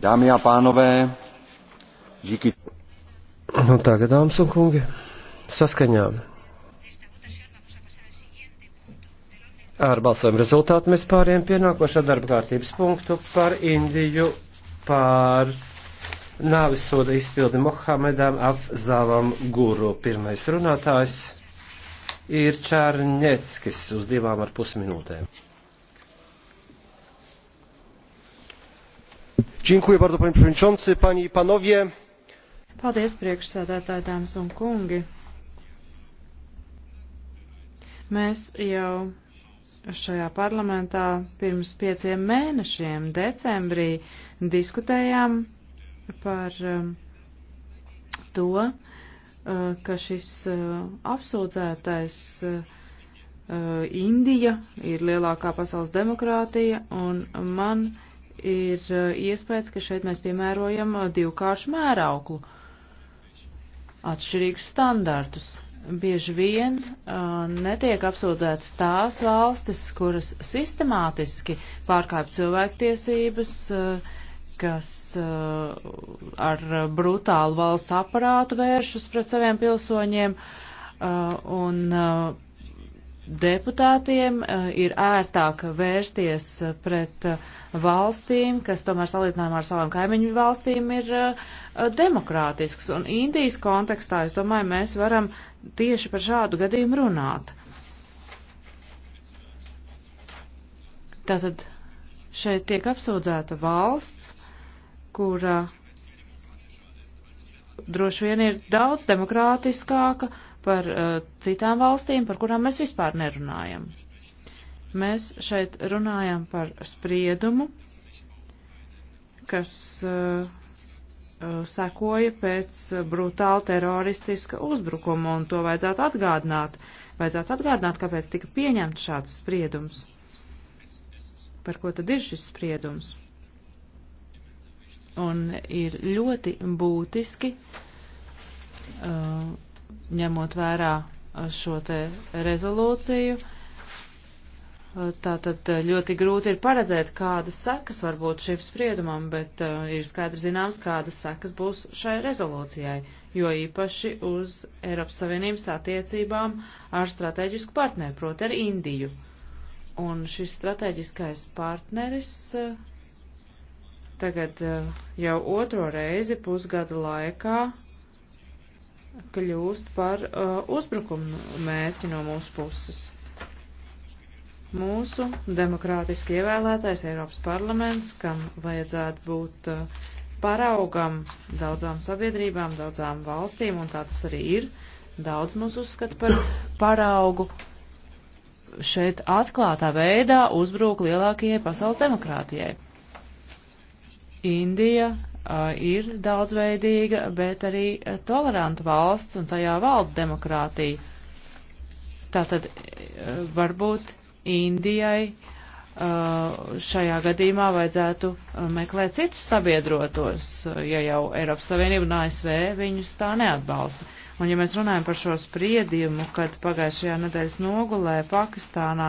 Dámy a pánové, díky. Nu, tagad, dāmas un kungi, saskaņā ar balsojumu rezultātu mēs pāriem pie nākošā darba kārtības punktu par Indiju, par nāvis soda izpildi Mohamedam Afzavam Guru. Pirmais runātājs ir Čārņeckis uz divām ar pusminūtēm. panie przewodniczący! panie i panowie! paldies priekšsēdētāji dāmas un kungi! mēs jau šajā parlamentā pirms pieciem mēnešiem decembrī diskutējām par um, to, uh, ka šis uh, apsūdzētais uh, Indija ir lielākā pasaules demokrātija un man ir eh, iespējas, ka šeit mēs piemērojam eh, divkāršu mērauklu, atšķirīgus standartus. Bieži vien uh, netiek apsūdzētas tās valstis, kuras sistemātiski pārkāpj cilvēktiesības, uh, kas uh, ar brutālu valsts aparātu vēršas pret saviem pilsoņiem uh, un uh, deputātiem eh, ir ērtāk vērsties eh, pret eh, valstīm, kas tomēr salīdzinājumā ar savām kaimiņu valstīm ir demokrātisks. Un Indijas kontekstā, es domāju, mēs varam tieši par šādu gadījumu runāt. Tātad šeit tiek apsūdzēta valsts, kura droši vien ir daudz demokrātiskāka uh, par uh, citām valstīm, par kurām mēs vispār nerunājam. Mēs šeit runājam par spriedumu, kas uh, uh, sekoja pēc brutāla teroristiska uzbrukuma, un to vajadzētu atgādināt. Vajadzētu atgādināt, kāpēc tika pieņemts šāds spriedums. Par ko tad ir šis spriedums? Un ir ļoti būtiski uh, ņemot vērā uh, šo te rezolūciju. Uh, tātad uh, ļoti grūti ir paredzēt, kādas sekas var būt šim spriedumam, bet uh, ir skaidrs zināms, kādas sekas būs šai rezolūcijai, jo īpaši uz Eiropas Savienības attiecībām ar strateģisku partneri, proti ar Indiju. Un šis strateģiskais partneris uh, tagad uh, jau otro reizi pusgada laikā kļūst par uh, uzbrukumu mērķi no mūsu puses. Mūsu demokrātiski ievēlētais Eiropas parlaments, kam vajadzētu būt uh, paraugam daudzām sabiedrībām, daudzām valstīm, un tā tas arī ir, daudz mūs uzskata par paraugu, šeit atklātā veidā uzbrūk lielākajai pasaules demokrātijai. Indija Uh, ir daudzveidīga, bet arī uh, toleranta valsts un tajā valda demokrātija. Tātad uh, varbūt Indijai šajā gadījumā vajadzētu meklēt citus sabiedrotos, ja jau Eiropas Savienība un ASV viņus tā neatbalsta. Un ja mēs runājam par šo spriedījumu, kad pagājušajā nedēļas nogulē Pakistānā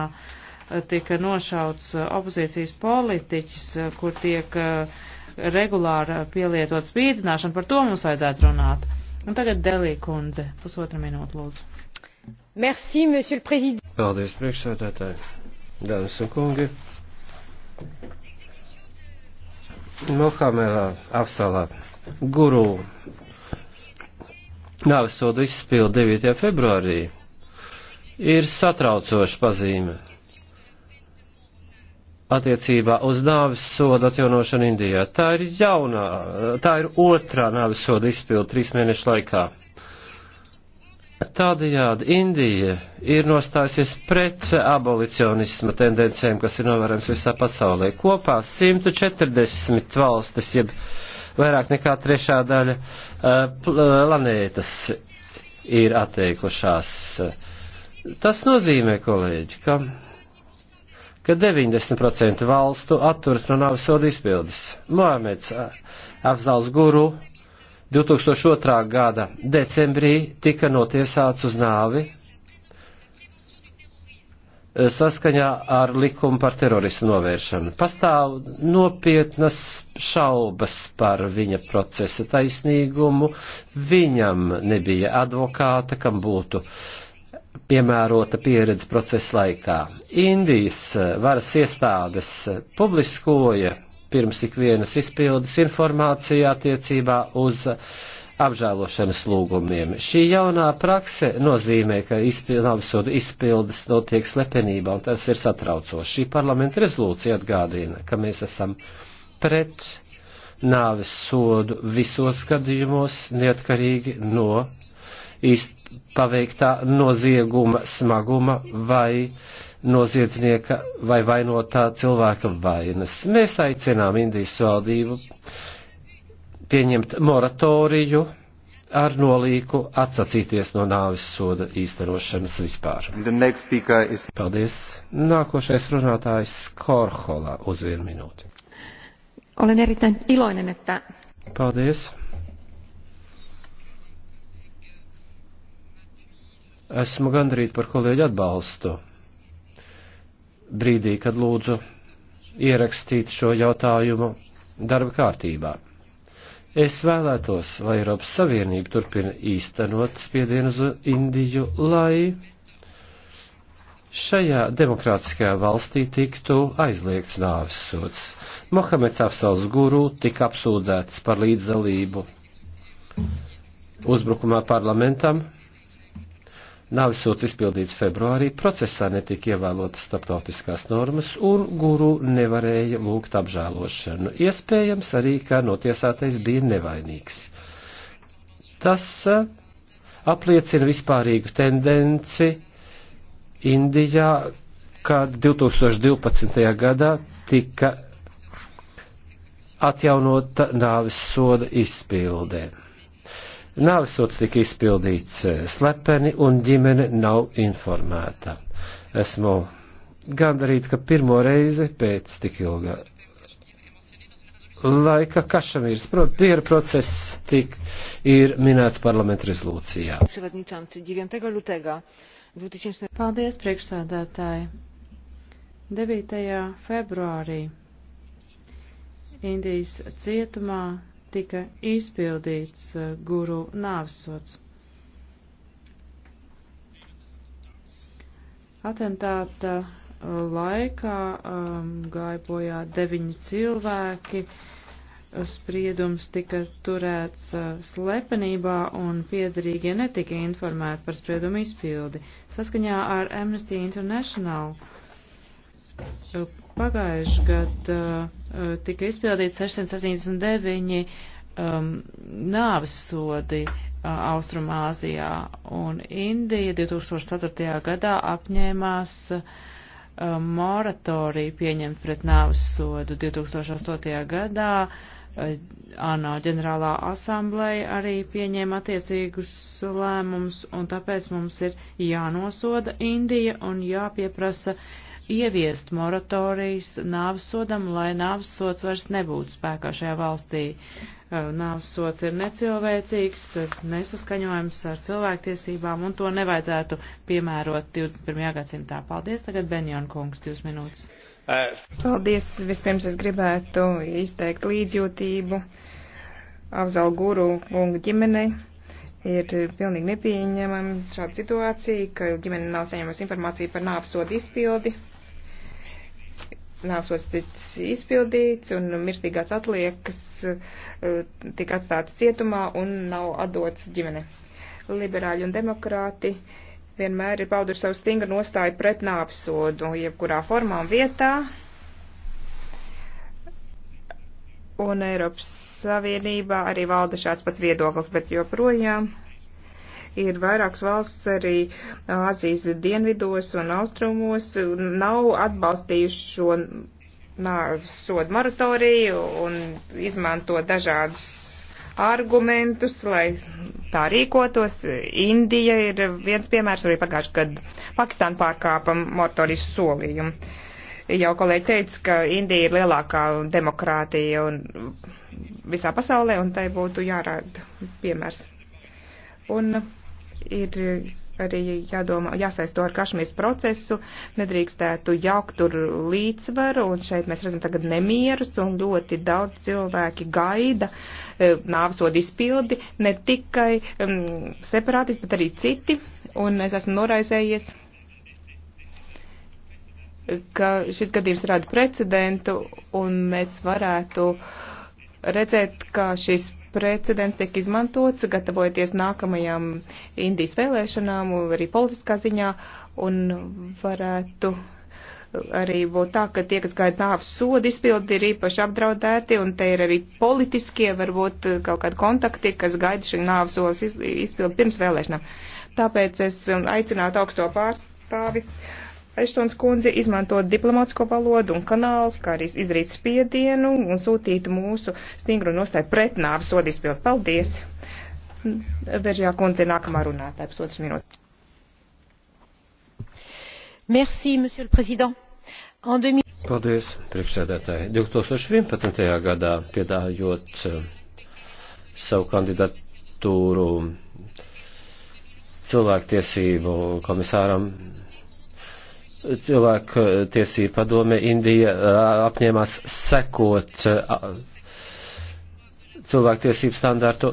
tika nošauts opozīcijas politiķis, kur tiek uh, regulāra pielietot spīdzināšanu, par to mums vajadzētu runāt. Un tagad Delī kundze, pusotra minūte, lūdzu. Merci, monsieur le président. Paldies, priekšsēdētāji. Dāmas un kungi. Mohamelā Afsalā guru nāvesodu izspildu 9. februārī ir satraucoša pazīme attiecībā uz nāvis sodu atjaunošanu Indijā. Tā ir jaunā, tā ir otrā nāvis soda izpildu trīs mēnešu laikā. Tādējādi Indija ir nostājusies pret abolicionisma tendencēm, kas ir novērams visā pasaulē. Kopā 140 valstis, jeb vairāk nekā trešā daļa eh, eh, planētas ir atteikušās. Tas nozīmē, kolēģi, ka ka 90% valstu atturas no nāves soda izpildes. Mohameds Afzals Guru 2002. gada decembrī tika notiesāts uz nāvi e, saskaņā ar likumu par terorismu novēršanu. Pastāv nopietnas šaubas par viņa procesa taisnīgumu, viņam nebija advokāta, kam būtu uh, piemērota pieredze procesa laikā. Indijas eh, varas iestādes eh, publiskoja pirms ikvienas izpildes informāciju attiecībā uz eh, apžēlošanas lūgumiem. Šī jaunā prakse nozīmē, ka izpildu izpildes notiek slepenībā, un tas ir satraucoši. Šī parlamenta rezolūcija atgādina, ka mēs esam pret nāves sodu visos gadījumos, neatkarīgi no īst paveiktā nozieguma smaguma vai noziedznieka vai vainotā cilvēka vainas. Mēs aicinām Indijas valdību pieņemt moratoriju ar nolīku atsacīties no nāvis soda īstenošanas vispār. Is... Paldies. Nākošais runātājs Korhola uz vienu minūti. Olen erittäin iloinen, että... Paldies. Esmu gandrīt par kolēģi atbalstu. Brīdī, kad lūdzu ierakstīt šo jautājumu darba kārtībā. Es vēlētos, lai Eiropas Savienība turpina īstenot spiedienu uz Indiju, lai šajā demokrātiskajā valstī tiktu aizliegts nāves sods. Mohameds Afsals Guru tika apsūdzēts par līdzdalību uzbrukumā parlamentam Nāvisots izpildīts februārī, procesā netika ievēlotas starptautiskās normas, un guru nevarēja lūgt apžēlošanu. Iespējams arī, ka notiesātais bija nevainīgs. Tas apliecina vispārīgu tendenci Indijā, kad 2012. gadā tika atjaunota nāvis soda izpildē. Nāvisots tika izpildīts e, slepeni un ģimene nav informēta. Esmu gandarīt, ka pirmo reizi pēc tik ilga laika Kašamīras piera process tik ir minēts parlamenta rezolūcijā. Paldies, priekšsādātāji. 9. februārī Indijas cietumā tika izpildīts uh, guru nāvsots. Atentāta uh, laikā um, gāja bojā deviņi cilvēki, spriedums tika turēts uh, slepenībā un piedarīgie netika informēti par spriedumu izpildi. Saskaņā ar Amnesty International uh, Pagājuši gadu uh, uh, tika izpildīti 679 um, nāves sodi uh, Austrumāzijā, un Indija 2004. gadā apņēmās uh, moratoriju pieņemt pret nāves sodu 2008. gadā. Uh, ANO ģenerālā asambleja arī pieņēma attiecīgus lēmumus, un tāpēc mums ir jānosoda Indija un jāpieprasa ieviest moratorijas nāvsodam, lai nāvsods vairs nebūtu spēkā šajā valstī. Uh, nāvsods ir necilvēcīgs, nesaskaņojams ar cilvēktiesībām, un to nevajadzētu piemērot 21. gadsimtā. Paldies, tagad Benjon kungs, divas minūtes. Uh, Paldies, vispirms es gribētu izteikt līdzjūtību Avzal Guru kungu ģimenei ir pilnīgi nepieņemama šāda situācija, ka ģimene nav saņēmusi informāciju par nāvsodu izpildi nāsos ticis izpildīts un mirstīgās atliekas eh, tika atstātas cietumā un nav atdotas ģimene. Liberāļi un demokrāti vienmēr ir pauduši savu stingru nostāju pret nāpsodu, jebkurā formā un vietā. Un Eiropas Savienībā arī valda šāds pats viedoklis, bet joprojām ir vairākas valsts arī Āzijas dienvidos un austrumos, nav atbalstījuši šo sodu moratoriju un izmanto dažādus argumentus, lai tā rīkotos. Indija ir viens piemērs, arī pagājuši, kad Pakistāna pārkāpa moratorijas solījumu. Jau kolēģi teica, ka Indija ir lielākā demokrātija un visā pasaulē, un tai būtu jārāda piemērs. Un ir arī jādomā, jāsaisto ar kašmīras procesu, nedrīkstētu jaukt tur līdzsvaru, un šeit mēs redzam tagad nemierus, un ļoti daudz cilvēki gaida e, nāvsodu izpildi, ne tikai um, separātis, bet arī citi, un es esmu noraizējies, ka šis gadījums rada precedentu, un mēs varētu uh, redzēt, kā šis precedents tiek izmantots, gatavojoties nākamajām Indijas vēlēšanām, arī politiskā ziņā, un varētu arī būt tā, ka tie, kas gaida nāves sodu izpildi, ir īpaši apdraudēti, un te ir arī politiskie, varbūt kaut kādi kontakti, kas gaida šī nāves sodas izpildi pirms vēlēšanām. Tāpēc es aicinātu augsto pārstāvi. Uh, Eštons kundze izmantot diplomātsko valodu un kanālus, kā arī izrīt spiedienu un sūtīt mūsu stingru nostāju pret nāvu sodu izpildu. Paldies! Veržjā kundze nākamā runātāja, pusotras minūtes. Merci, monsieur le président. En 2000... Paldies, priekšsēdētāji. 2011. gadā piedājot eh, savu kandidatūru cilvēktiesību komisāram cilvēku eh, tiesību padome Indija eh, apņēmās sekot eh, cilvēktiesību standārtu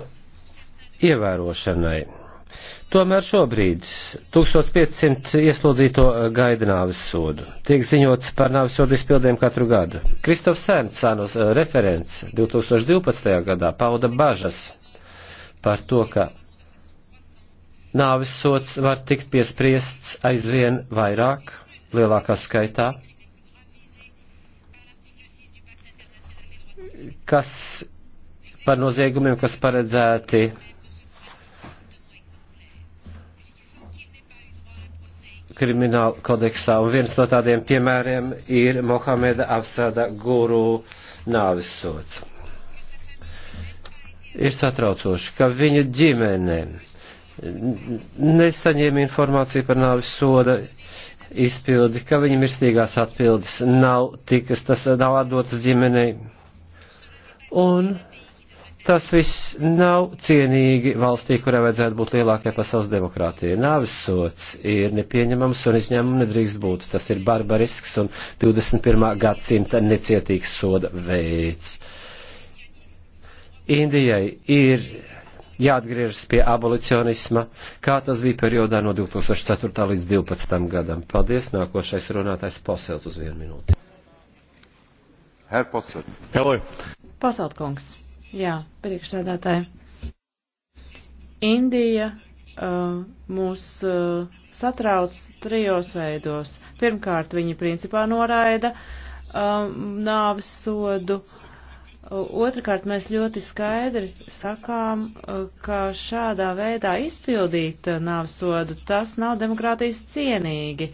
ievērošanai. Tomēr šobrīd 1500 ieslodzīto gaida nāvis sodu. Tiek ziņots par nāvis sodu izpildēm katru gadu. Kristofs Sērns, Sānos referents, 2012. gadā pauda bažas par to, ka nāvis sots var tikt piespriests aizvien vairāk lielākā skaitā, kas par noziegumiem, kas paredzēti krimināla kodeksā. Un viens no tādiem piemēriem ir Mohameda Afsada guru nāvis sots. Ir satraucoši, ka viņa ģimene nesaņēma informāciju par nāvis soda izpildi, ka viņa mirstīgās atpildes nav tikas, tas nav atdotas ģimenei. Un tas viss nav cienīgi valstī, kurai vajadzētu būt lielākai pasaules demokrātijai. Nāvis sots ir nepieņemams un izņēmumu nedrīkst būt. Tas ir barbarisks un 21. gadsimta necietīgs soda veids. Indijai ir jāatgriežas pie abolicionisma, kā tas bija periodā no 2004. līdz 2012. gadam. Paldies, nākošais runātājs Poselt uz vienu minūti. Herr Poselt. Hello. Poselt kungs. Jā, priekšsēdētāji. Indija uh, mūs uh, satrauc trijos veidos. Pirmkārt, viņi principā noraida um, uh, nāvis sodu. Uh, Otrakārt, mēs ļoti skaidri sakām, ka šādā veidā izpildīt nāvsodu, tas nav demokrātijas cienīgi.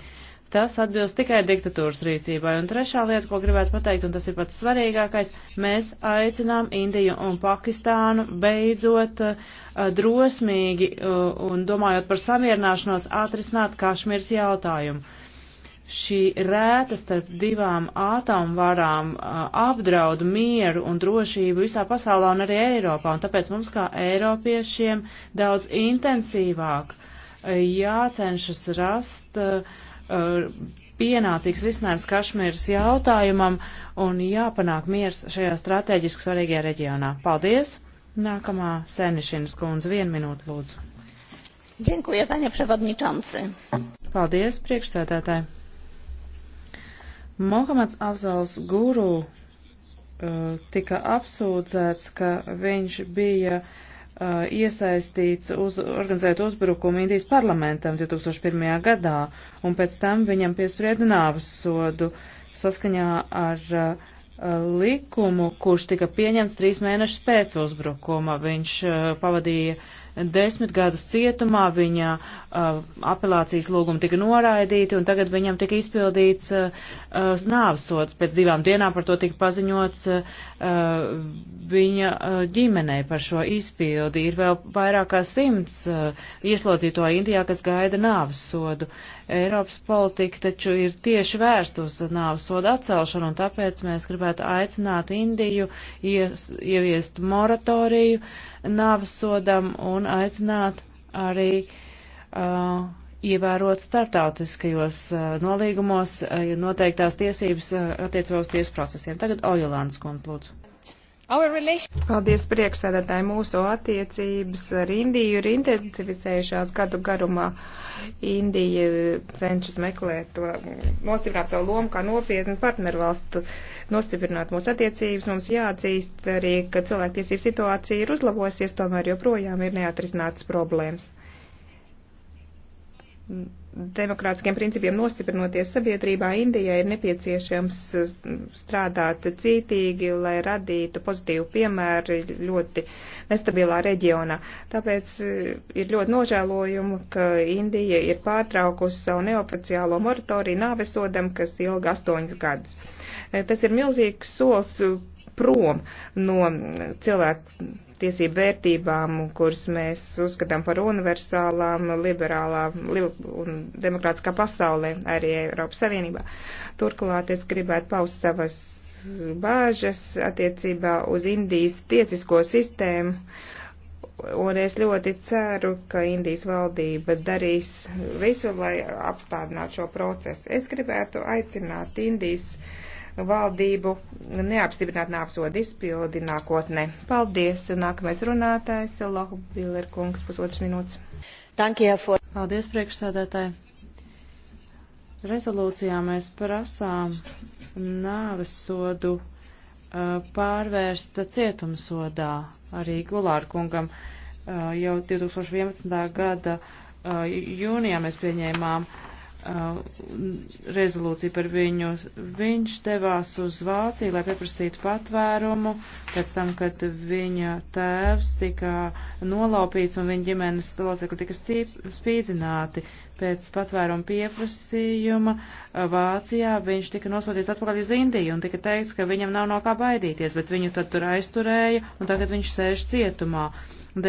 Tas atbilst tikai diktatūras rīcībai. Un trešā lieta, ko gribētu pateikt, un tas ir pats svarīgākais, mēs aicinām Indiju un Pakistānu beidzot uh, drosmīgi uh, un domājot par samierināšanos atrisināt Kašmirs jautājumu šī rēta starp divām ātomvarām apdraud mieru un drošību visā pasaulē un arī Eiropā, un tāpēc mums kā Eiropiešiem daudz intensīvāk jācenšas rast pienācīgs risinājums Kašmīras jautājumam un jāpanāk miers šajā strateģiski svarīgajā reģionā. Paldies! Nākamā Senišinas kundze, vienu minūtu lūdzu. Dziękuję, panie przewodniczący. Paldies, priekšsēdētāji. Mohameds Afzals Guru uh, tika apsūdzēts, ka viņš bija uh, iesaistīts uz, organizēt uzbrukumu Indijas parlamentam 2001. gadā, un pēc tam viņam piesprieda nāvas sodu saskaņā ar uh, likumu, kurš tika pieņemts trīs mēnešus pēc uzbrukuma. Viņš uh, pavadīja uh, desmit gadus cietumā, viņa uh, apelācijas lūguma tika noraidīta, un tagad viņam tika izpildīts uh, uh nāvsots. Pēc divām dienām par to tika paziņots uh, viņa uh, ģimenei par šo izpildi. Ir vēl vairāk kā simts uh, ieslodzīto Indijā, kas gaida nāvsodu. Uh, Eiropas politika taču ir tieši vērst uz nāvas soda atcelšanu, un tāpēc mēs gribētu aicināt Indiju ies, ieviest moratoriju nāvas sodam un aicināt arī uh, ievērot startautiskajos uh, nolīgumos uh, noteiktās tiesības uh, attiecībā uz tiesu procesiem. Tagad Ojolāns kundz, lūdzu. Paldies priekšsēdētāji. Mūsu attiecības ar Indiju ir intensificējušās gadu garumā. Indija cenšas meklēt, nostiprināt savu lomu kā nopietnu partnervalstu, nostiprināt mūsu attiecības. Mums jāatzīst arī, ka cilvēktiesību situācija ir uzlabosies, tomēr joprojām ir neatrisinātas problēmas demokrātiskiem principiem nostiprinoties sabiedrībā, Indijai ir nepieciešams eh, strādāt cītīgi, lai radītu pozitīvu piemēru ļoti nestabilā reģionā. Tāpēc eh, ir ļoti nožēlojumu, ka Indija ir pārtraukusi savu neoficiālo moratoriju nāvesodam, kas ilga astoņas gadus. Eh, tas ir milzīgs solis prom no cilvēku tiesību vērtībām, kuras mēs uzskatām par universālām, liberālā li un demokrātiskā pasaulē, arī Eiropas Savienībā. Turklāt es gribētu paust savas bāžas attiecībā uz Indijas tiesisko sistēmu, un es ļoti ceru, ka Indijas valdība darīs visu, lai apstādinātu šo procesu. Es gribētu aicināt Indijas uh, valdību neapstiprināt nāvsodu izpildi nākotnē. Paldies! Nākamais runātājs Lohbiller kungs, pusotras minūtes. Paldies, priekšsēdētāji! Rezolūcijā mēs prasām nāvesodu uh, pārvērst cietumsodā arī Gulāra kungam. Uh, jau 2011. gada uh, jūnijā mēs pieņēmām uh, Uh, rezolūciju par viņu. Viņš devās uz Vāciju, lai pieprasītu patvērumu, pēc tam, kad viņa tēvs tika nolaupīts un viņa ģimenes locekļi tika stīp, spīdzināti. Pēc patvērumu pieprasījuma uh, Vācijā viņš tika nosūtīts atpakaļ uz Indiju un tika teikts, ka viņam nav no kā baidīties, bet viņu tad tur aizturēja un tagad viņš sēž cietumā.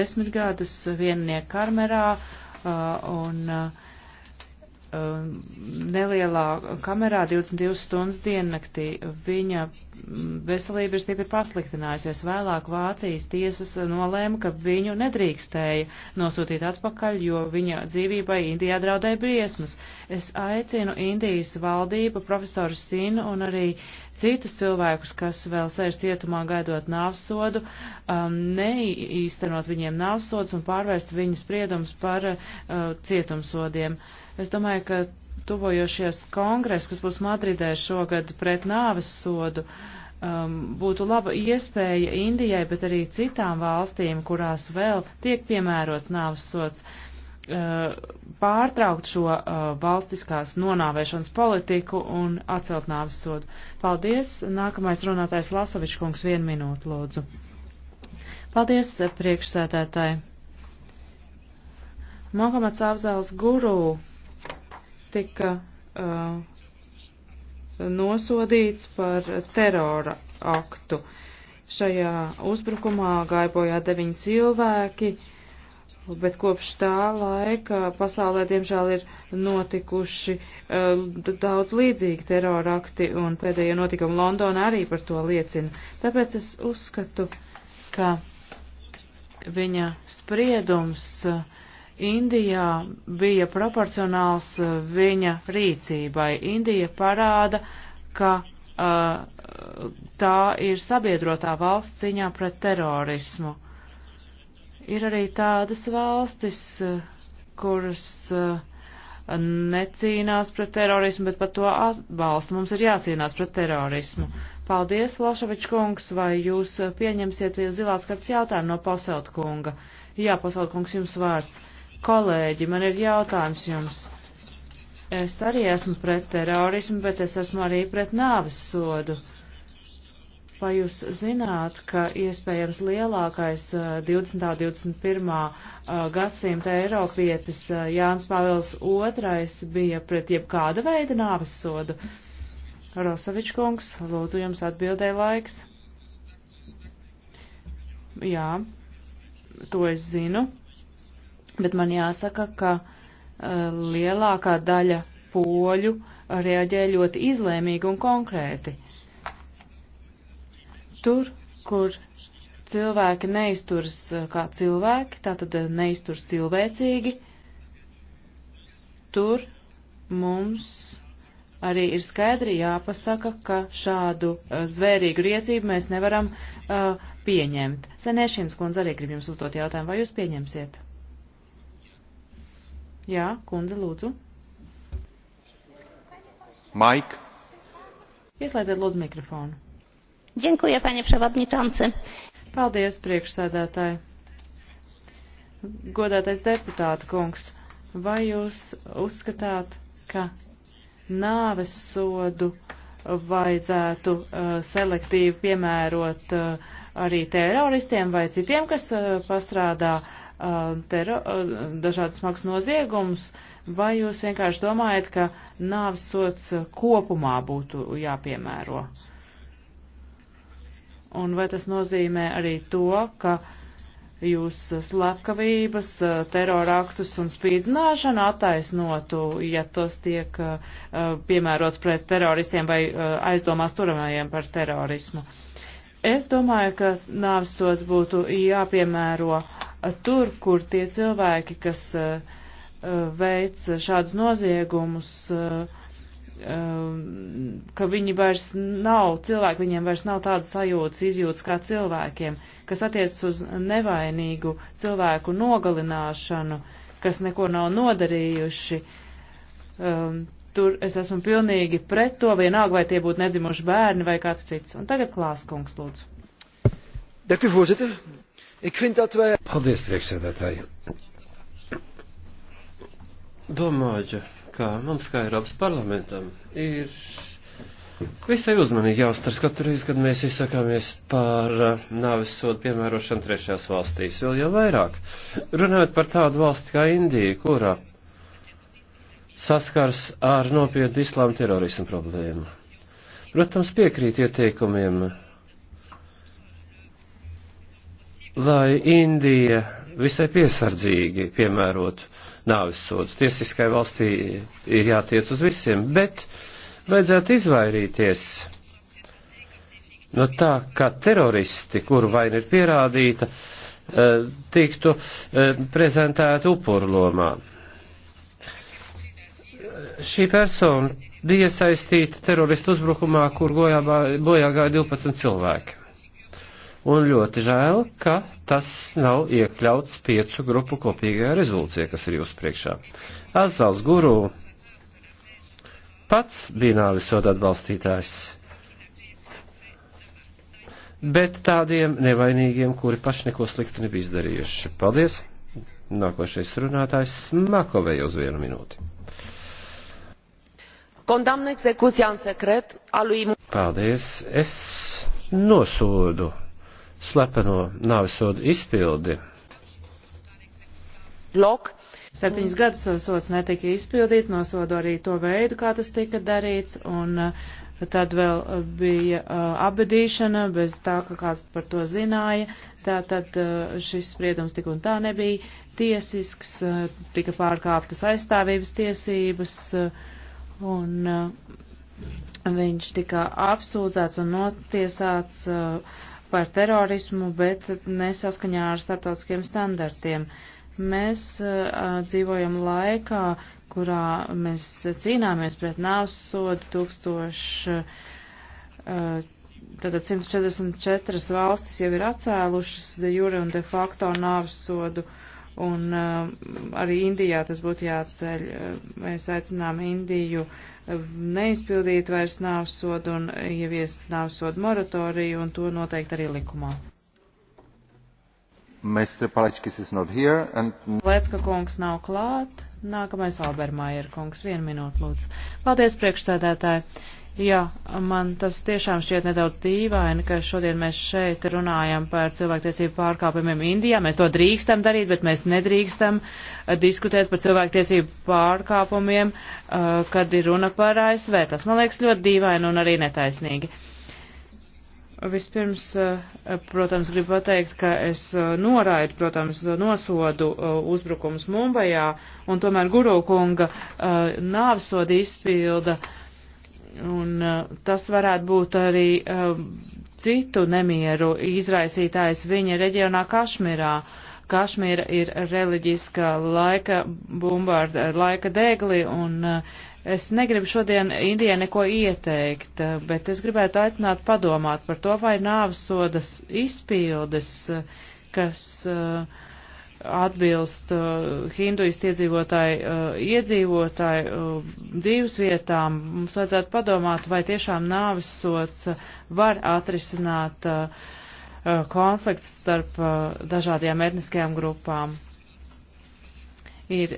Desmit gadus viennieku karmerā uh, un uh, Um, nelielā kamerā 22 stundas diennaktī. Viņa mm, veselība ir stipri pasliktinājusies. Vēlāk Vācijas tiesas nolēma, ka viņu nedrīkstēja nosūtīt atpakaļ, jo viņa dzīvībai Indijā draudēja briesmas. Es aicinu Indijas valdību, profesoru Sinu un arī citus cilvēkus, kas vēl sēž cietumā gaidot nāvsodu, um, neīstenot viņiem nāvsodus un pārvērst viņu spriedumus par uh, cietumsodiem. Es domāju, ka tuvojošies kongress, kas būs Madridē šogad pret nāves sodu, um, būtu laba iespēja Indijai, bet arī citām valstīm, kurās vēl tiek piemērots nāves sods. Uh, pārtraukt šo uh, valstiskās nonāvēšanas politiku un atcelt nāvis sodu. Paldies. Nākamais runātais Lasovičs kungs vienu minūtu lūdzu. Paldies eh, priekšsētētāji. Mohameds Avzāls guru tika uh, nosodīts par terora aktu. Šajā uzbrukumā gāja bojā deviņi cilvēki. Uh, Bet kopš tā laika pasaulē, diemžēl, ir notikuši uh, daudz līdzīgi terorakti, un pēdējie notikumi Londonā arī par to liecina. Tāpēc es uzskatu, ka viņa spriedums eh, Indijā bija proporcionāls eh, viņa rīcībai. Indija parāda, ka uh, tā ir sabiedrotā valsts ciņā pret terorismu. Uh, Ir arī tādas valstis, eh, kuras eh, necīnās pret terorismu, bet par to atbalstu. Mums ir jācīnās pret terorismu. Paldies, Lašavičs kungs, vai jūs eh, pieņemsiet zilās kartas jautājumu no Pasaut kunga? Jā, Pasaut kungs, jums vārds. Kolēģi, man ir jautājums jums. Es arī esmu pret terorismu, bet es esmu arī pret nāves sodu. Vai jūs zināt, ka iespējams lielākais 20. un 21. gadsimta Eiropietis Jānis Pāvils II bija pret jebkāda veida nāves sodu? Rosavičs kungs, lūdzu jums atbildēja laiks. Jā, to es zinu, bet man jāsaka, ka uh, lielākā daļa poļu reaģē ļoti izlēmīgi un konkrēti. Uh, Tur, kur cilvēki neizturas kā cilvēki, tātad neizturas cilvēcīgi, tur mums arī ir skaidri jāpasaka, ka šādu uh, zvērīgu rīcību mēs nevaram uh, pieņemt. Senēšins kundze arī grib jums uzdot jautājumu, vai jūs pieņemsiet? Jā, kundze, lūdzu. Maik. Ieslēdziet lūdzu mikrofonu. Dziękuję, panie przewodniczący. Paldies, priekšsēdētāji. Godātais deputāta kungs, vai jūs uzskatāt, ka nāves sodu vajadzētu uh, selektīvi piemērot uh, arī teroristiem vai citiem, kas uh, pastrādā uh, tero, uh, dažādas smagas noziegumus, vai jūs vienkārši domājat, ka nāves sots uh, kopumā būtu jāpiemēro? Uh, Un vai tas nozīmē arī to, ka jūs slepkavības, teroraktus un spīdzināšanu attaisnotu, ja tos tiek uh, piemērots pret teroristiem vai uh, aizdomās turamajiem par terorismu? Es domāju, ka nāvisots būtu jāpiemēro uh, tur, kur tie cilvēki, kas veic šādus noziegumus, uh, Um, ka viņi vairs nav cilvēki, viņiem vairs nav tādas sajūtas, izjūtas kā cilvēkiem, kas attiecas uz nevainīgu cilvēku nogalināšanu, kas neko nav nodarījuši. Um, tur es esmu pilnīgi pret to, vienalga vai tie būtu nedzimuši bērni vai kāds cits. Un tagad klāskungs, lūdzu. Paldies, priekšsēdētāji. Domāju, ka mums, kā Eiropas parlamentam, ir visai uzmanīgi jāuztars katru reizi, kad mēs izsakāmies par eh, nāves sodu piemērošanu trešajās valstīs, vēl jau vairāk. Runājot par tādu valsti kā Indija, kurā saskars ar nopietnu islāma terorismu problēmu. Protams, piekrīt ieteikumiem, lai Indija visai piesardzīgi piemērotu nāvis sods. Tiesiskai valstī ir jātiec uz visiem, bet vajadzētu izvairīties no tā, ka teroristi, kuru vaina ir pierādīta, eh, tiktu eh, prezentēti upurlomā. Šī persona bija iesaistīta teroristu uzbrukumā, kur bojā gāja 12 cilvēki. Un ļoti žēl, ka tas nav iekļauts piecu grupu kopīgajā rezolūcijā, kas ir jūsu priekšā. Atzals guru pats bija nāvis soda atbalstītājs, bet tādiem nevainīgiem, kuri paši neko sliktu nebija izdarījuši. Paldies! Nākošais runātājs Makovei uz vienu minūti. Condamn execuția în secret a lui... Paldies! Es nosodu slepeno nāvisodu izpildi. Blok. Septiņus gadus sots netika izpildīts, nosoda arī to veidu, kā tas tika darīts, un uh, tad vēl uh, bija uh, abedīšana bez tā, ka kāds par to zināja. Tātad šis spriedums tik un tā nebija tiesisks, tika pārkāptas aizstāvības tiesības, un viņš tika apsūdzēts un notiesāts. Uh, par terorismu, bet nesaskaņā ar starptautiskiem standartiem. Mēs uh, dzīvojam laikā, kurā mēs cīnāmies pret nāvs sodu tūkstoši. Uh, Tātad 144 valstis jau ir atcēlušas de jure un de facto nāvs sodu uh, un uh, arī Indijā tas būtu jāceļ. Uh, mēs aicinām Indiju uh, neizpildīt vairs nāvsodu un ieviest nāvsodu moratoriju un to noteikti arī likumā. Palečkis and... kungs nav klāt. Nākamais Albermājer kungs. Vienu minūtu, lūdzu. Paldies, priekšsēdētāji. Jā, man tas tiešām šķiet nedaudz dīvaini, ka šodien mēs šeit runājam par cilvēktiesību pārkāpumiem Indijā. Mēs to drīkstam darīt, bet mēs nedrīkstam eh, diskutēt par cilvēktiesību pārkāpumiem, eh, kad ir runa par ASV. Tas man liekas ļoti dīvaini un arī netaisnīgi. Vispirms, eh, protams, gribu pateikt, ka es noraidu, protams, nosodu uzbrukums Mumbajā un tomēr Gurukunga nāvsodu izpilda. Uh, Un uh, tas varētu būt arī uh, citu nemieru izraisītājs viņa reģionā Kašmirā. Kašmīra ir reliģiskā laika bumbarda, laika dēgli, un uh, es negribu šodien Indijai neko ieteikt, bet es gribētu aicināt padomāt par to, vai nāvsodas izpildes, kas uh, atbilst uh, hinduistu iedzīvotāju uh, iedzīvotāju uh, dzīvesvietām. Mums vajadzētu padomāt, vai tiešām nāvis sots var atrisināt uh, uh, konflikts starp uh, dažādajām etniskajām grupām. Ir,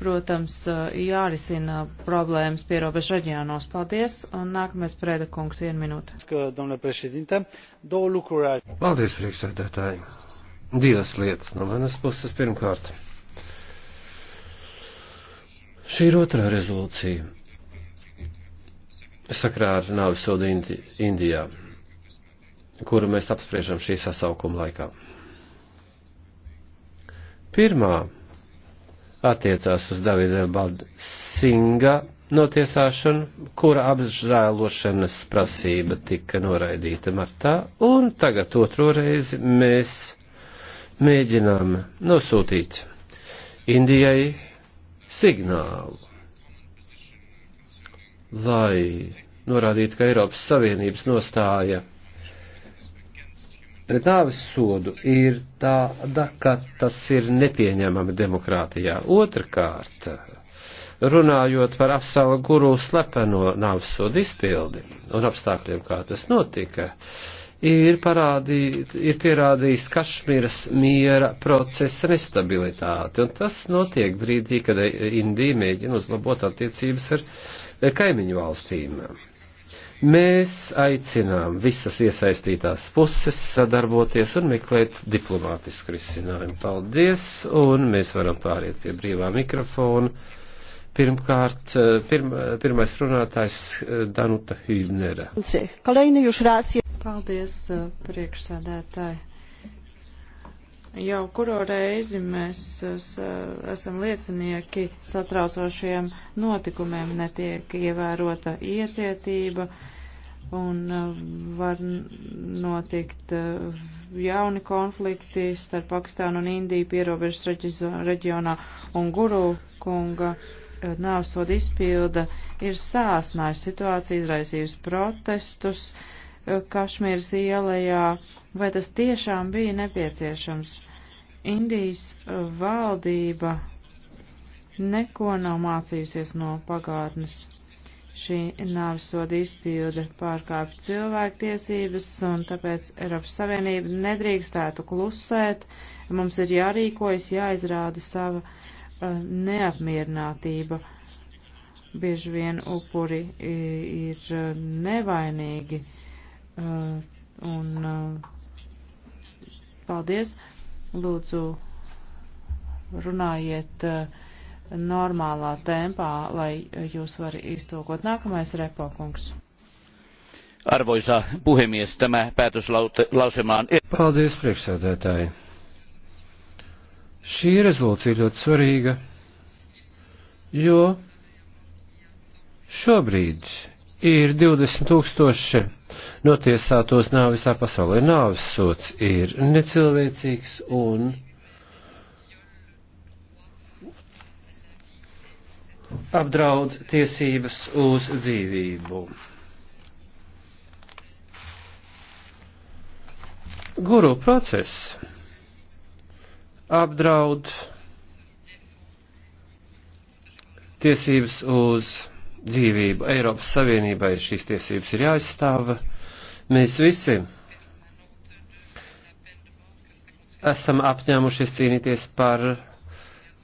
protams, uh, jārisina problēmas pierobežu reģionos. Paldies, un nākamais prēda kungs vienu minūtu. Paldies, priekšsēdētāji. Divas lietas no manas puses pirmkārt. Šī ir otrā rezolūcija. Sakrā ar nāvis sodu Indi Indijā, kuru mēs apspriežam šī sasaukuma laikā. Pirmā attiecās uz Davida Balsinga notiesāšanu, kura apžēlošanas prasība tika noraidīta martā, un tagad otro reizi mēs mēģinām nosūtīt Indijai signālu, lai norādītu, ka Eiropas Savienības nostāja pret nāves sodu ir tāda, ka tas ir nepieņemami demokrātijā. Otrakārt, runājot par apsalu guru slepeno nāves sodu izpildi un apstākļiem, kā tas notika, uh, ir, parādī, ir pierādījis Kašmīras miera procesa nestabilitāti, un tas notiek brīdī, kad Indija mēģina uzlabot attiecības ar kaimiņu valstīm. Mēs aicinām visas iesaistītās puses sadarboties un meklēt diplomātisku risinājumu. Paldies, un mēs varam pāriet pie brīvā mikrofona. Pirmkārt, eh, pirm, pirmais runātājs eh, Danuta Hībnera. Paldies, uh, priekšsēdētāji. Jau kuro reizi mēs uh, uh, esam liecinieki satraucošiem notikumiem, netiek ievērota iecietība un var notikt jauni konflikti starp Pakistānu un Indiju pierobežas reģionā un Guru kunga nāvsoda izpilda ir sāsnājusi situācija, izraisījusi protestus. Uh, Kašmīras ielajā, vai tas tiešām bija nepieciešams. Indijas valdība neko nav mācījusies no pagātnes. Šī nāvisoda izpilde pārkāpj cilvēktiesības, un tāpēc Eiropas Savienība nedrīkstētu klusēt. Mums ir jārīkojas, jāizrāda sava uh, neapmierinātība. Bieži vien upuri ir uh, nevainīgi. Uh, Uh, un uh, paldies. Lūdzu, runājiet uh, normālā tempā, lai jūs var iztūkot. Nākamais repokungs. Arvoisa puhemies, tämä päätöslauselma on... Paldies, priekšsēdētāji. Šī rezolūcija ļoti svarīga, jo šobrīd ir 20 tūkstoši notiesātos nā visā pasaulē. Nāves sots ir necilvēcīgs un apdraud tiesības uz dzīvību. Guru process apdraud tiesības uz dzīvību dzīvību. Eiropas Savienībai šīs tiesības ir jāizstāv. Mēs visi esam apņēmušies cīnīties par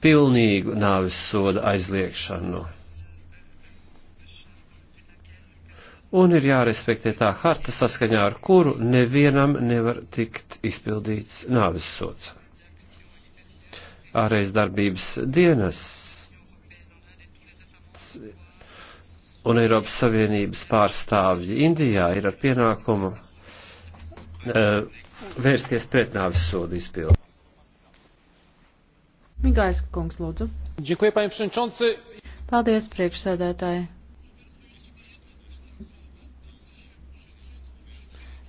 pilnīgu nāvis soda aizliekšanu. Un ir jārespektē tā harta saskaņā, ar kuru nevienam nevar tikt izpildīts nāvis sots. Ārējais darbības dienas un Eiropas Savienības pārstāvji Indijā ir ar pienākumu uh, vērsties pret nāvis sodu izpildu. Migaiska kungs, lūdzu. Dziekuji, paņem šenčonci. Paldies, priekšsēdētāji.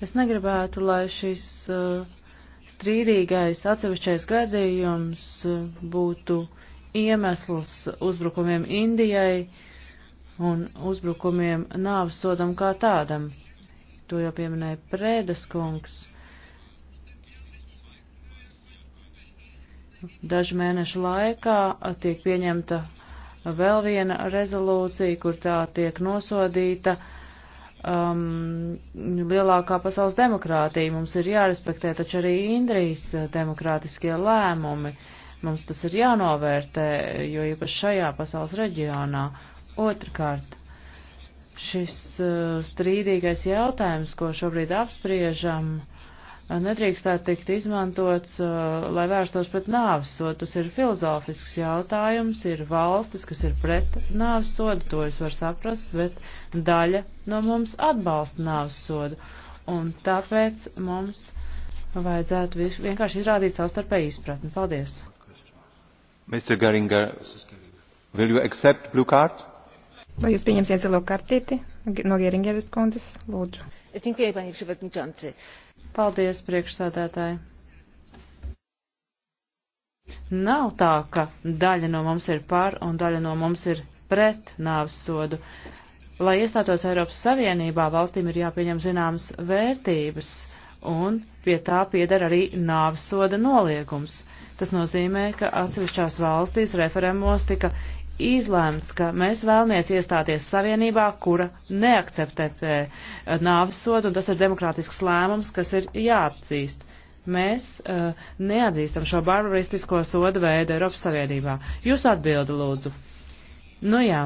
Es negribētu, lai šis uh, strīdīgais atsevišķais gadījums uh, būtu iemesls uzbrukumiem Indijai. Uh, un uzbrukumiem nāves sodam kā tādam. To jau pieminēja Prēdas kungs. Dažu mēnešu laikā tiek pieņemta vēl viena rezolūcija, kur tā tiek nosodīta um, lielākā pasaules demokrātija. Mums ir jārespektē taču arī Indrijas demokrātiskie lēmumi. Mums tas ir jānovērtē, jo īpaši šajā pasaules reģionā. Otrkārt, šis uh, strīdīgais jautājums, ko šobrīd apspriežam, uh, nedrīkstētu tikt izmantots, uh, lai vērstos pret nāvsodu. Tas ir filozofisks jautājums, ir valstis, kas ir pret nāvsodu, to es varu saprast, bet daļa no mums atbalsta nāvsodu. Un tāpēc mums vajadzētu vienkārši izrādīt savstarpēju izpratni. Paldies! Mr. Garinger, will you accept blue card? Vai jūs pieņemsiet zilo kartīti no Geringeres kundzes? Lūdzu. Paldies, priekšsādātāji. Nav tā, ka daļa no mums ir par un daļa no mums ir pret nāves sodu. Lai iestātos Eiropas Savienībā, valstīm ir jāpieņem zināmas vērtības, un pie tā piedara arī nāves soda noliegums. Tas nozīmē, ka atsevišķās valstīs referemos tika izlēmts, ka mēs vēlamies iestāties savienībā, kura neakceptē eh, nāvis sodu, un tas ir demokrātisks lēmums, kas ir jāatzīst. Mēs uh, neatzīstam šo barbaristisko sodu veidu Eiropas Savienībā. Jūs atbildi, lūdzu. Nu jā,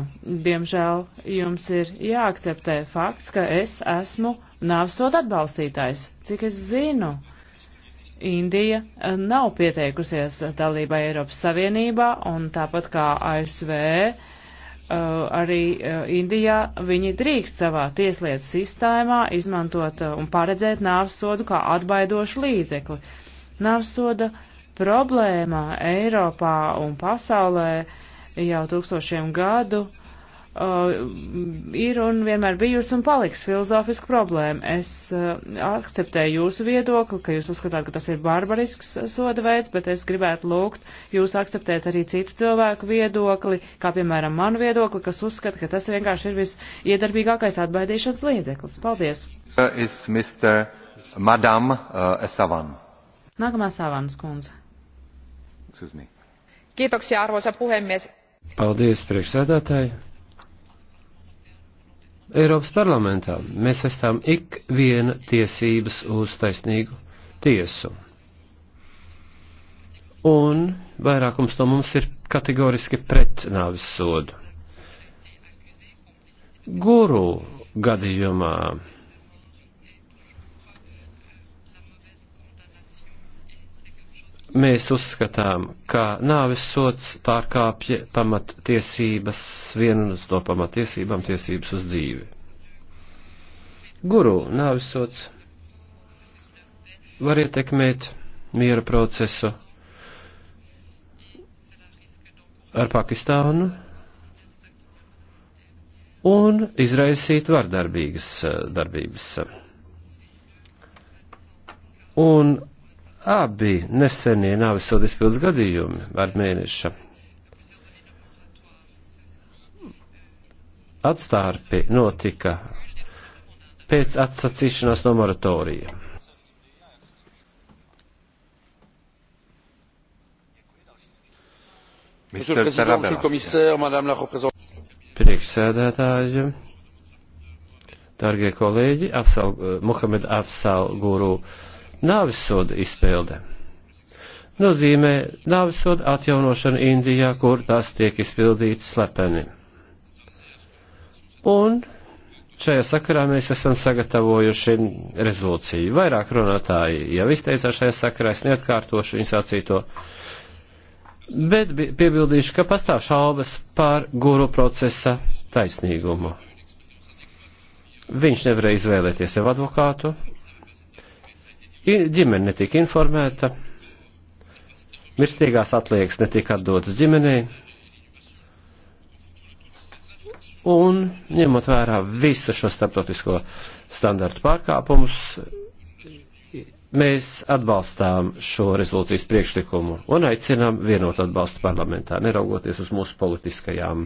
diemžēl jums ir jāakceptē fakts, ka es esmu nāvis sodu atbalstītājs, cik es zinu. Uh, Indija eh, nav pieteikusies eh, dalībā Eiropas Savienībā, un tāpat kā ASV, eh, arī Indijā viņi drīkst savā tieslietu sistēmā izmantot un paredzēt nāves sodu kā atbaidošu līdzekli. Nāves soda problēma Eiropā un pasaulē jau tūkstošiem gadu Uh, ir un vienmēr bijusi un paliks filozofiska problēma. Es uh, akceptēju jūsu viedokli, ka jūs uzskatāt, ka tas ir barbarisks soda veids, bet es gribētu lūgt jūs akceptēt arī citu cilvēku viedokli, kā piemēram manu viedokli, kas uzskata, ka tas vienkārši ir visiedarbīgākais atbaidīšanas līdzeklis. Paldies! Uh, is Mr. Madam uh, Savan. Nākamā Savans kundze. Kiitoksia, arvoisa puhemies. Paldies, priekšsēdētāji. Eiropas parlamentā. Mēs esam ik viena tiesības uz taisnīgu tiesu. Un vairākums no mums ir kategoriski pret nāvis sodu. Guru gadījumā Mēs uzskatām, ka nāves sots pārkāpja pamattiesības, vienas no pamattiesībām tiesības uz dzīvi. Guru nāves sots var ietekmēt miera procesu ar Pakistānu un izraisīt vardarbīgas eh, darbības. Un abi nesenie nāves sodu izpildes gadījumi ar mēneša atstārpi notika pēc atsacīšanās no moratorija. Priekšsēdētāji, dārgie kolēģi, Afsal, eh, Muhamed Afsal Guru nāvisoda izpilde nozīmē nāvisoda atjaunošanu Indijā, kur tas tiek izpildīts slepeni. Un šajā sakarā mēs esam sagatavojuši rezolūciju. Vairāk runātāji jau izteicās šajā sakarā, es neatkārtošu viņu sacīto. Bet piebildīšu, ka pastāv šaubas par guru procesa taisnīgumu. Viņš nevarēja izvēlēties sev advokātu, ģimene netika informēta, mirstīgās atliekas netika atdotas ģimenei, un ņemot vērā visu šo starptautisko standartu pārkāpumus, mēs atbalstām šo rezolūcijas priekšlikumu un aicinām vienot atbalstu parlamentā, neraugoties uz mūsu politiskajām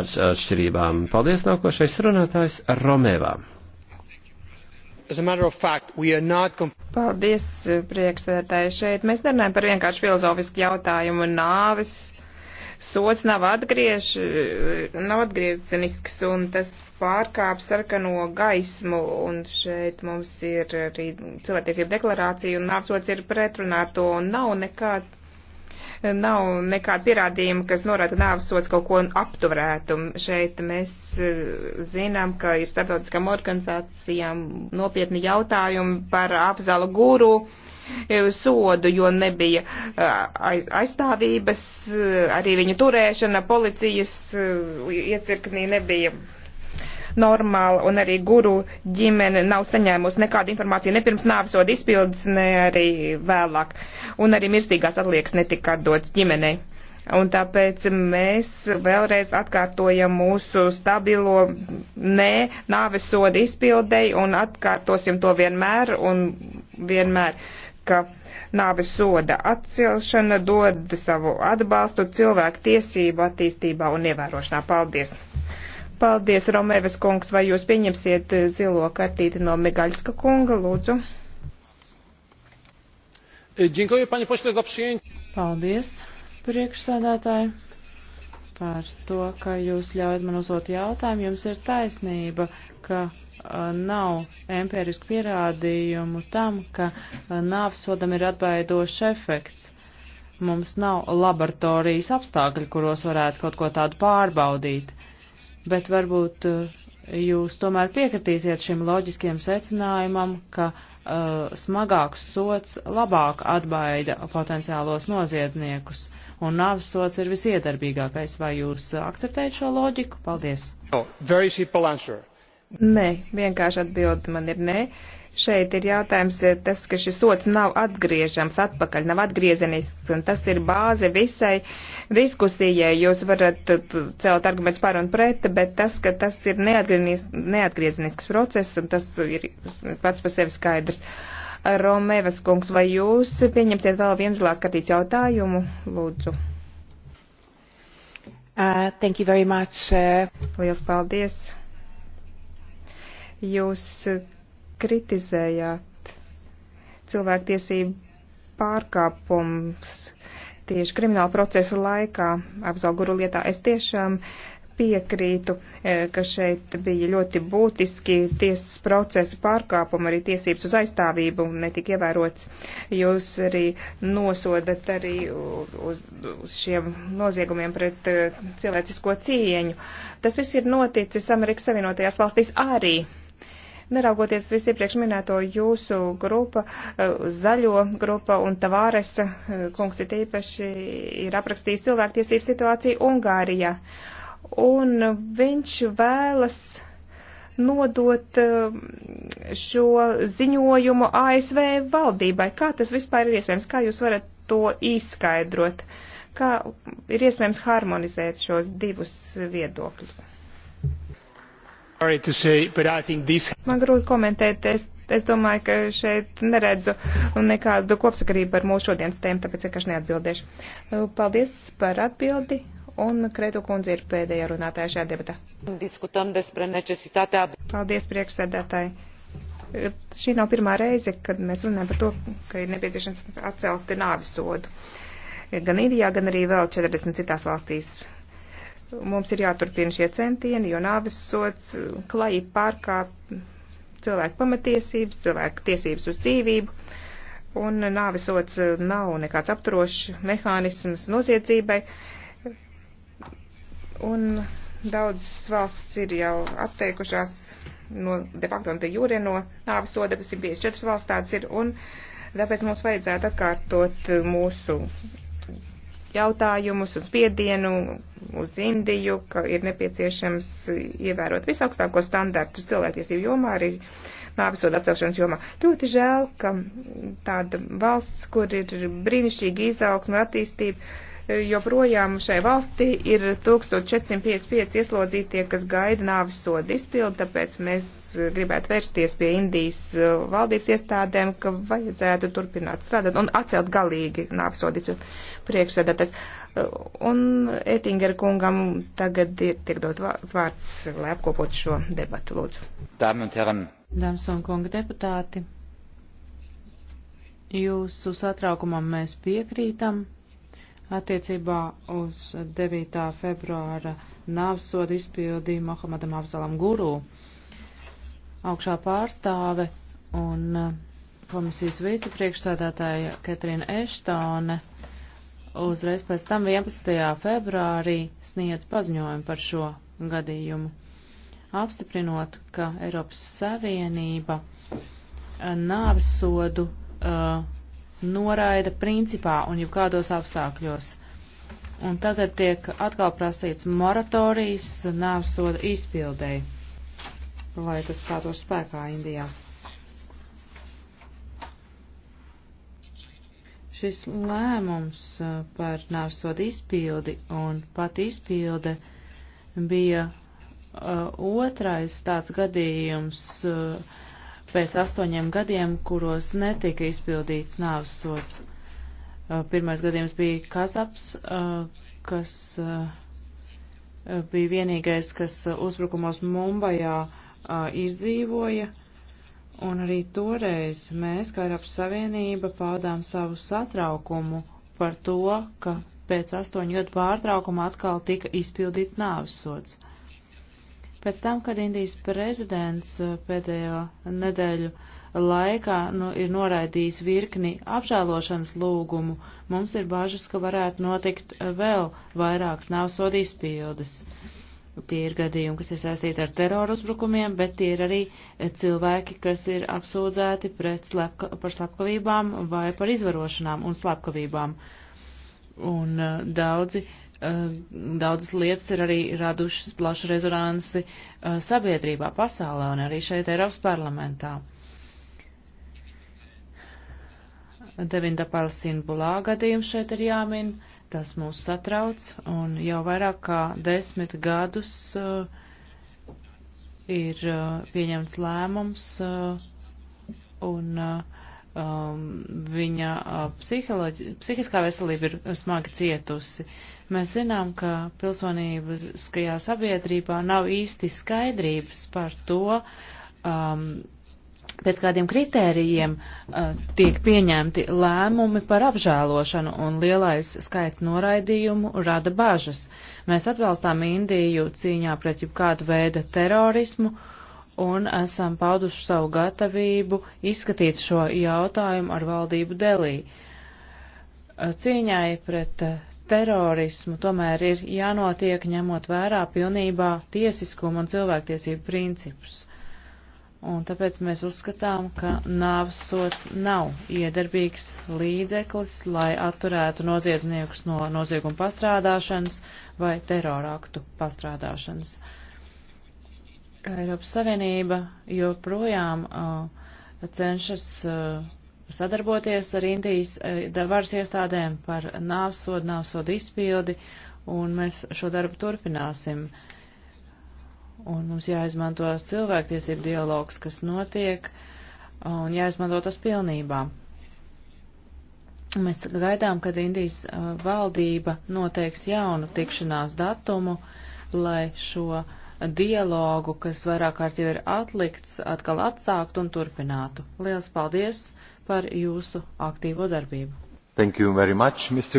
atšķirībām. Paldies nākošais runātājs Romēvām. Fact, not... Paldies, priekšsēdētāji. Šeit mēs nerunājam par vienkārši filozofisku jautājumu. Nāvis sots nav, atgriež, nav atgriezenisks un tas pārkāp sarkano gaismu. Un šeit mums ir arī cilvēktiesība deklarācija un nāvsots ir pretrunā ar to un nav nekāda Nav nekāda pierādījuma, kas norāda, ka nāves sots kaut ko apturētu. Šeit mēs e, zinām, ka ir starptautiskām organizācijām nopietni jautājumi par apzalu guru e, sodu, jo nebija e, aizstāvības, arī viņu turēšana policijas iecirknī nebija normāla, un arī guru ģimene nav saņēmusi nekādu informāciju ne pirms nāvisoda izpildes, ne arī vēlāk. Un arī mirstīgās atliekas netika dots ģimenei. Un tāpēc mēs vēlreiz atkārtojam mūsu stabilo nē nāvesodu izpildēji un atkārtosim to vienmēr un vienmēr, ka nāves soda atcelšana dod savu atbalstu cilvēku tiesību attīstībā un ievērošanā. Paldies! Paldies, Romēvas kungs. Vai jūs pieņemsiet eh, zilo kartīti no Migaļska kunga, lūdzu? E, Džinkoju, paņi pošlē za pšieņu. Paldies, priekšsēdētāji, par to, ka jūs ļaujat man uzdot jautājumu. Jums ir taisnība, ka nav empirisku pierādījumu tam, ka nāvsodam ir atbaidošs efekts. Mums nav laboratorijas apstākļi, kuros varētu kaut ko tādu pārbaudīt bet varbūt eh, jūs tomēr piekritīsiet šim loģiskiem secinājumam, ka uh, smagāks sots labāk atbaida potenciālos noziedzniekus, un nāves sots ir visiedarbīgākais. Vai jūs eh, akceptējat šo loģiku? Paldies! Oh, Nē, vienkārši atbildi man ir nē. Šeit ir jautājums eh, tas, ka šis sots nav atgriežams atpakaļ, nav atgriezenisks, un tas ir bāze visai diskusijai. Jūs varat eh, celt arguments par un pret, bet tas, ka tas ir neatgriezenisks process, un tas ir pats par sevi skaidrs. Romēvas kungs, vai jūs pieņemsiet vēl vienu zilā skatīts jautājumu, lūdzu? Uh, thank you very much. Uh... Liels paldies. Jūs eh, kritizējāt cilvēktiesību pārkāpums tieši krimināla procesa laikā apzauguru lietā. Es tiešām piekrītu, eh, ka šeit bija ļoti būtiski tiesas procesa pārkāpumi, arī tiesības uz aizstāvību netika ievērots. Jūs arī nosodat arī uz, uz šiem noziegumiem pret eh, cilvēcisko cieņu. Tas viss ir noticis Amerikas Savienotajās valstīs arī. Neraugoties uz visiepriekš minēto jūsu grupa, eh, zaļo grupa un Tavāres eh, kungs ir īpaši ir aprakstījis cilvēktiesību situāciju Ungārijā. Un viņš vēlas nodot eh, šo ziņojumu ASV valdībai. Kā tas vispār ir iespējams? Kā jūs varat to izskaidrot? Kā ir iespējams harmonizēt šos divus viedokļus? Say, this... Man grūti komentēt, es, es domāju, ka šeit neredzu nekādu kopsakarību ar mūsu šodienas tēmu, tāpēc vienkārši neatbildēšu. Paldies par atbildi, un Kreto kundze ir pēdējā runātāja šajā debatā. Diskutam despre necesitātā. Paldies, priekšsēdētāji šī nav pirmā reize, kad mēs runājam par to, ka ir nepieciešams atcelt nāvisodu. Gan Irijā, gan arī vēl 40 citās valstīs. Mums ir jāturpina šie centieni, jo nāves sots klajī pārkāp cilvēku pamatiesības, cilvēku tiesības uz dzīvību, un nāves sots nav nekāds apturošs mehānisms noziedzībai. Un daudzas valsts ir jau atteikušās no de facto un de jure no nāves soda, kas ir bijis četras valsts tāds ir, un tāpēc mums vajadzētu atkārtot mūsu jautājumus, uz spiedienu, uz Indiju, ka ir nepieciešams ievērot visaugstākos standartus cilvēktiesību jomā, arī nāvisodu atcelšanas jomā. Ļoti žēl, ka tāda valsts, kur ir brīnišķīga izaugsme un attīstība, joprojām šai valstī ir 1455 ieslodzītie, kas gaida nāvis sodu izpildu, tāpēc mēs gribētu vērsties pie Indijas uh, valdības iestādēm, ka vajadzētu turpināt strādāt un atcelt galīgi nāvis sodu izpildu priekšsēdētājs. Uh, un Ettinger kungam tagad ir, tiek dot vārds, lai apkopot šo debatu, lūdzu. Dāmas un kunga deputāti, jūsu satraukumam mēs piekrītam attiecībā uz 9. februāra nāvsodu izpildīju Mohamedam Avzalam Guru. Augšā pārstāve un eh, komisijas vicepriekšsēdētāja Katrina Eštone uzreiz pēc tam 11. februārī sniedz paziņojumu par šo gadījumu, apstiprinot, ka Eiropas Savienība eh, nāvsodu uh, eh, noraida principā un jau kādos apstākļos. Un tagad tiek atkal prasīts moratorijas nāvsoda izpildēji, lai tas stātos spēkā Indijā. Šis lēmums uh, par nāvsoda izpildi un pat izpilde bija uh, otrais tāds gadījums. Uh, pēc astoņiem gadiem, kuros netika izpildīts nāves sots. Uh, pirmais gadījums bija Kazaps, uh, kas uh, bija vienīgais, kas uzbrukumos Mumbajā izdzīvoja. Un arī toreiz mēs, kā Eiropas Savienība, paudām savu satraukumu par to, ka pēc astoņu gadu pārtraukuma atkal tika izpildīts nāves sots. Uh, Pēc tam, kad Indijas prezidents uh, pēdējo nedēļu laikā nu, ir noraidījis virkni apžēlošanas lūgumu, mums ir bažas, ka varētu notikt uh, vēl vairākas navsod izpildes. Tie ir gadījumi, kas ir saistīti ar teroru uzbrukumiem, bet tie ir arī uh, cilvēki, kas ir apsūdzēti slepka, par slepkavībām vai par izvarošanām un slepkavībām. Un uh, daudzi uh, Eh, daudzas lietas ir arī radušas plašu rezonansi eh, sabiedrībā, pasaulē un arī šeit Eiropas parlamentā. Devinda Palsīna Bulā gadījums šeit ir jāmin, tas mūs satrauc, un jau vairāk kā desmit gadus uh, ir uh, pieņemts lēmums, uh, un uh, um, viņa uh, psihiskā veselība ir smagi cietusi. Mēs zinām, ka pilsonībiskajā sabiedrībā nav īsti skaidrības par to, um, pēc kādiem kritērijiem uh, tiek pieņemti lēmumi par apžēlošanu, un lielais skaits noraidījumu rada bažas. Mēs atbalstām Indiju cīņā pret jebkādu veidu terorismu, uh, un esam pauduši savu gatavību izskatīt šo jautājumu ar valdību Delī. Eh, cīņai pret eh, terorismu tomēr ir jānotiek ņemot vērā pilnībā tiesiskumu un cilvēktiesību principus. Un tāpēc mēs uzskatām, ka nāves sots nav iedarbīgs līdzeklis, lai atturētu noziedzniekus no nozieguma pastrādāšanas vai teroraktu pastrādāšanas. Uh, Eiropas Savienība joprojām uh, cenšas uh, sadarboties ar Indijas uh, varas iestādēm par nāvsodu, nāvsodu izpildi, un mēs šo darbu turpināsim. Un mums jāizmanto cilvēktiesību dialogs, kas notiek, un jāizmanto tas pilnībā. Mēs gaidām, kad Indijas uh, valdība noteiks jaunu tikšanās datumu, lai šo uh, dialogu, kas vairāk kārt jau ir atlikts, atkal atsākt un turpinātu. Lielas paldies par jūsu aktīvo darbību. Thank you very much, Mr.